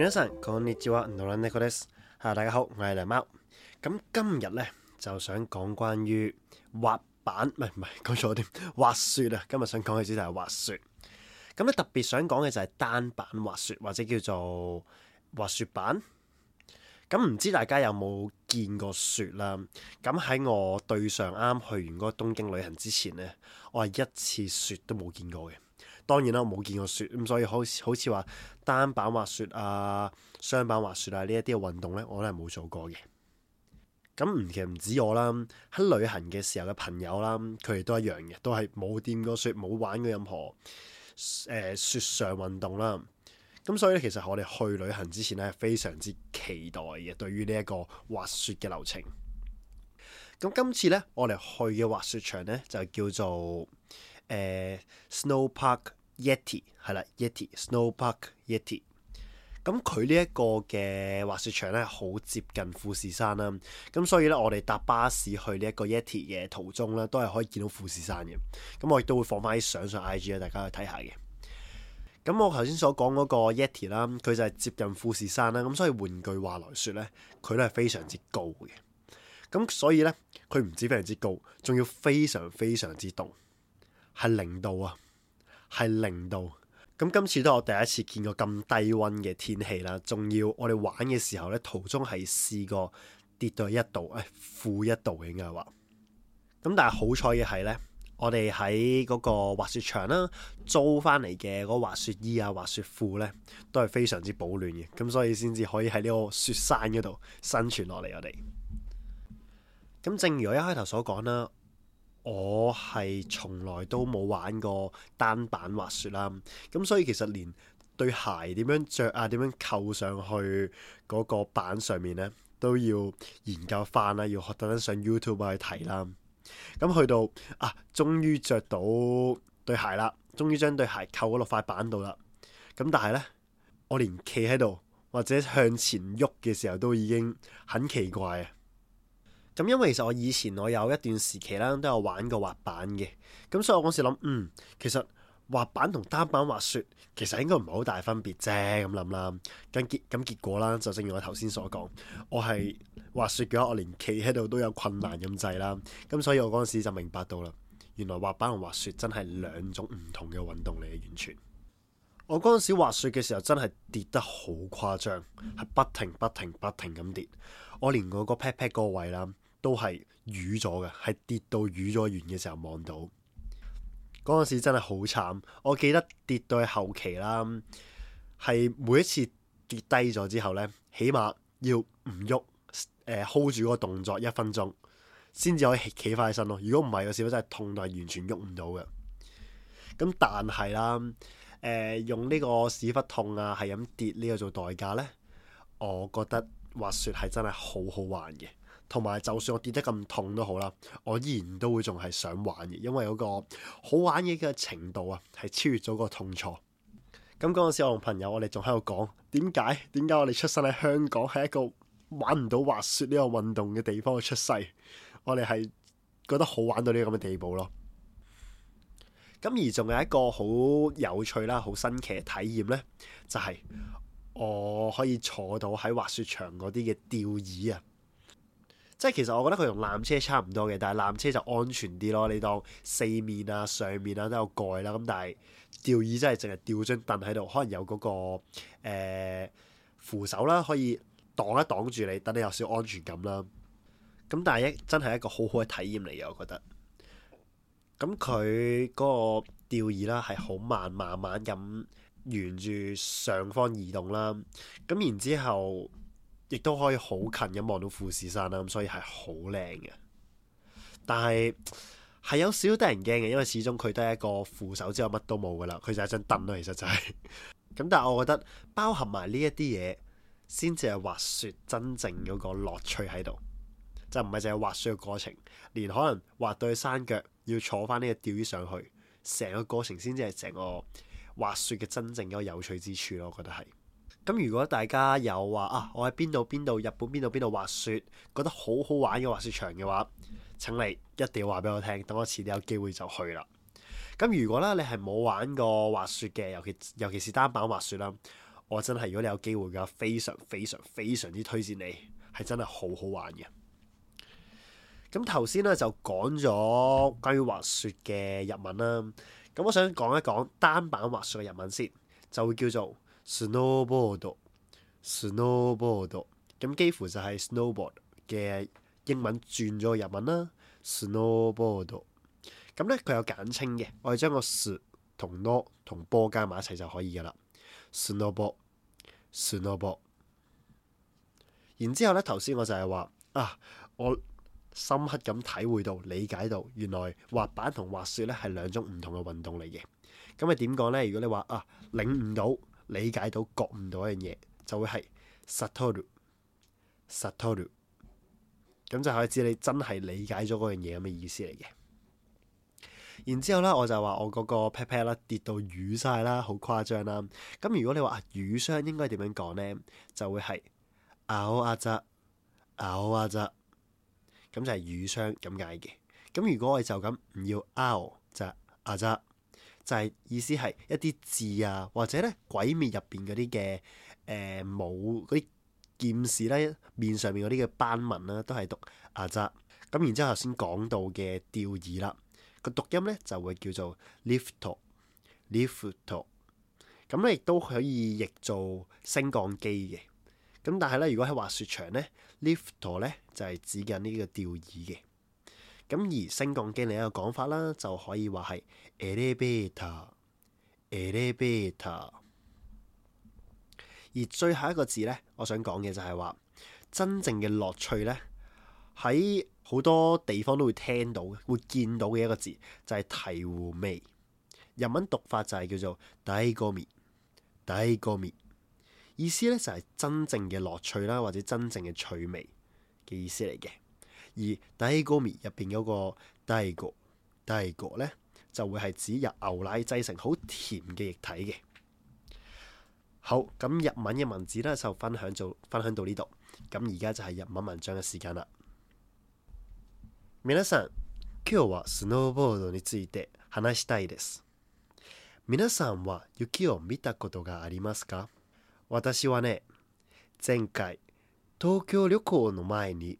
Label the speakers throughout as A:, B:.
A: 皆さん，こんにちは，ノラネコです。大家好，我係梁貓。咁今日咧就想講關於滑板，唔係唔係講錯啲，滑雪啊。今日想講嘅主題係滑雪。咁咧特別想講嘅就係單板滑雪，或者叫做滑雪板。咁唔知大家有冇見過雪啦？咁喺我對上啱去完嗰個東京旅行之前咧，我係一次雪都冇見過嘅。當然啦，我冇見過雪，咁所以好好似話單板滑雪啊、雙板滑雪啊呢一啲嘅運動呢，啊，我都係冇做過嘅。咁唔其實唔止我啦，喺旅行嘅時候嘅朋友啦，佢哋都一樣嘅，都係冇掂過雪，冇玩過任何誒、呃、雪上運動啦。咁所以呢其實我哋去旅行之前呢，係非常之期待嘅，對於呢一個滑雪嘅流程。咁今次呢，我哋去嘅滑雪場呢，就叫做誒、呃、Snow Park。Yeti 係啦，Yeti Snow Park Yeti，咁佢呢一個嘅滑雪場咧，好接近富士山啦。咁所以咧，我哋搭巴士去呢一個 Yeti 嘅途中咧，都係可以見到富士山嘅。咁我亦都會放翻啲相上 IG 啊，大家去睇下嘅。咁我頭先所講嗰個 Yeti 啦，佢就係接近富士山啦。咁所以換句話來說咧，佢都係非常之高嘅。咁所以咧，佢唔止非常之高，仲要非常非常之凍，係零度啊！係零度，咁今次都係我第一次見過咁低溫嘅天氣啦。仲要我哋玩嘅時候咧，途中係試過跌到一度，誒、哎，負一度應該話。咁但係好彩嘅係咧，我哋喺嗰個滑雪場啦，租翻嚟嘅嗰滑雪衣啊、滑雪褲咧，都係非常之保暖嘅，咁所以先至可以喺呢個雪山嗰度生存落嚟。我哋咁正如我一開頭所講啦。我係從來都冇玩過單板滑雪啦，咁所以其實連對鞋點樣著啊，點樣扣上去嗰個板上面呢，都要研究翻啦，要學得登上 YouTube 去睇啦。咁去到啊，終於着到對鞋啦，終於將對鞋扣嗰落塊板度啦。咁但係呢，我連企喺度或者向前喐嘅時候，都已經很奇怪啊！咁，因為其實我以前我有一段時期啦，都有玩過滑板嘅。咁所以我嗰時諗，嗯，其實滑板同單板滑雪其實應該唔係好大分別啫。咁諗啦，咁結咁結果啦，就正如我頭先所講，我係滑雪嘅話，我連企喺度都有困難咁滯啦。咁所以我嗰時就明白到啦，原來滑板同滑雪真係兩種唔同嘅運動嚟嘅，完全。我嗰陣時滑雪嘅時候真係跌得好誇張，係不停不停不停咁跌。我連我個 pat pat 個位啦，都係瘀咗嘅，係跌到瘀咗完嘅時候望到嗰陣時真係好慘。我記得跌到去後期啦，係每一次跌低咗之後呢，起碼要唔喐誒 hold 住嗰個動作一分鐘，先至可以企翻起身咯。如果唔係個屎忽真係痛到係完全喐唔到嘅。咁但係啦，誒用呢個屎忽痛啊，係咁跌呢個做代價呢，我覺得滑雪係真係好好玩嘅。同埋，就算我跌得咁痛都好啦，我依然都會仲係想玩嘅，因為嗰個好玩嘢嘅程度啊，係超越咗個痛楚。咁嗰陣時，我同朋友我哋仲喺度講，點解點解我哋出生喺香港係一個玩唔到滑雪呢個運動嘅地方出世？我哋係覺得好玩到呢個咁嘅地步咯。咁而仲有一個好有趣啦，好新奇嘅體驗咧，就係、是、我可以坐到喺滑雪場嗰啲嘅吊椅啊！即係其實我覺得佢同纜車差唔多嘅，但係纜車就安全啲咯。你當四面啊、上面啦、啊、都有蓋啦，咁但係吊椅真係淨係吊張凳喺度，可能有嗰、嗰個、呃、扶手啦，可以擋一擋住你，等你有少少安全感啦。咁但係真係一個好好嘅體驗嚟嘅，我覺得。咁佢嗰個吊椅啦係好慢，慢慢咁沿住上方移動啦。咁然之後。亦都可以好近咁望到富士山啦，咁所以係好靚嘅。但係，係有少少得人驚嘅，因為始終佢都係一個扶手之外乜都冇噶啦，佢就係張凳啦，其實就係、是，咁， 但係我覺得包含埋呢一啲嘢，先至係滑雪真正嗰個樂趣喺度。就唔係淨係滑雪嘅過程，連可能滑到去山腳要坐翻呢個吊椅上去，成個過程先至係成個滑雪嘅真正嗰個有趣之處咯。我覺得係。咁如果大家有話啊，我喺邊度邊度，日本邊度邊度滑雪，覺得好好玩嘅滑雪場嘅話，請你一定要話俾我聽，等我遲啲有機會就去啦。咁如果咧你係冇玩過滑雪嘅，尤其尤其是單板滑雪啦，我真係如果你有機會嘅，非常非常非常之推薦你，係真係好好玩嘅。咁頭先咧就講咗關於滑雪嘅日文啦，咁我想講一講單板滑雪嘅日文先，就會叫做。snowboard，snowboard，咁幾乎就係 snowboard 嘅英文轉咗日文啦。snowboard，咁咧佢有簡稱嘅，我哋將個 s 同 no 同 board 加埋一齊就可以噶啦。snowboard，snowboard。然之後咧，頭先我就係話啊，我深刻咁體會到、理解到，原來滑板同滑雪咧係兩種唔同嘅運動嚟嘅。咁啊點講咧？如果你話啊，領悟到。理解到，覺悟到一樣嘢，就會係 satoru，satoru，咁就可以知你真係理解咗嗰樣嘢咁嘅意思嚟嘅。然之後咧，我就話我嗰個 pat pat 啦，跌到瘀晒啦，好誇張啦。咁如果你話瘀傷應該點樣講咧，就會係拗阿扎，拗啊咋，咁就係瘀傷咁解嘅。咁如果我哋就咁唔要拗，就係阿咋。就係意思係一啲字啊，或者咧鬼滅入邊嗰啲嘅誒武嗰啲劍士咧面上面嗰啲嘅斑紋啦、啊，都係讀阿扎。咁然之後頭先講到嘅吊椅啦，個讀音咧就會叫做 liftor liftor。咁咧亦都可以譯做升降機嘅。咁但係咧，如果喺滑雪場咧，liftor 咧就係、是、指緊呢個吊椅嘅。咁而升降機另一個講法啦，就可以話係 elevator，elevator。而最後一個字呢，我想講嘅就係話真正嘅樂趣呢，喺好多地方都會聽到，會見到嘅一個字就係、是、醍醐味。日文讀法就係叫做ダイゴミ，ダイゴミ。意思呢，就係、是、真正嘅樂趣啦，或者真正嘅趣味嘅意思嚟嘅。而醍醐味入邊有個醍醐，醍醐咧就會係指由牛奶製成好甜嘅液體嘅。好，咁日文嘅文字咧就分享到分享到呢度。咁而家就係日文文章嘅時間啦。皆さん、今日はスノーボードについて話したいです。皆さんは雪を見たことがありますか？私はね、前回東京旅行の前に。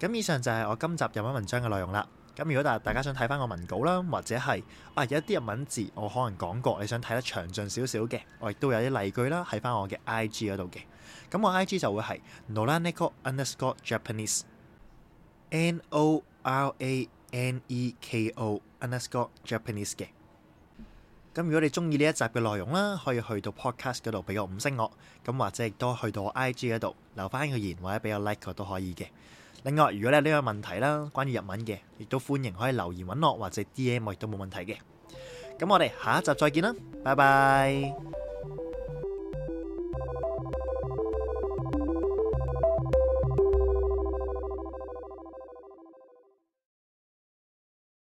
A: 咁以上就係我今集日文文章嘅內容啦。咁如果大大家想睇翻個文稿啦，或者係啊有啲日文字我可能講過，你想睇得詳盡少少嘅，我亦都有啲例句啦，喺翻我嘅 I G 嗰度嘅。咁我 I G 就會係 Noraneko underscore Japanese n o r a n e k o underscore Japanese 嘅。咁如果你中意呢一集嘅內容啦，可以去到 Podcast 嗰度俾個五星我，咁或者亦都去到我 I G 嗰度留翻個言或者俾個 like 我都可以嘅。另外，如果你有呢個問題啦，關於日文嘅，亦都歡迎可以留言揾我，或者 DM 我，亦都冇問題嘅。咁我哋下一集再見啦，拜拜。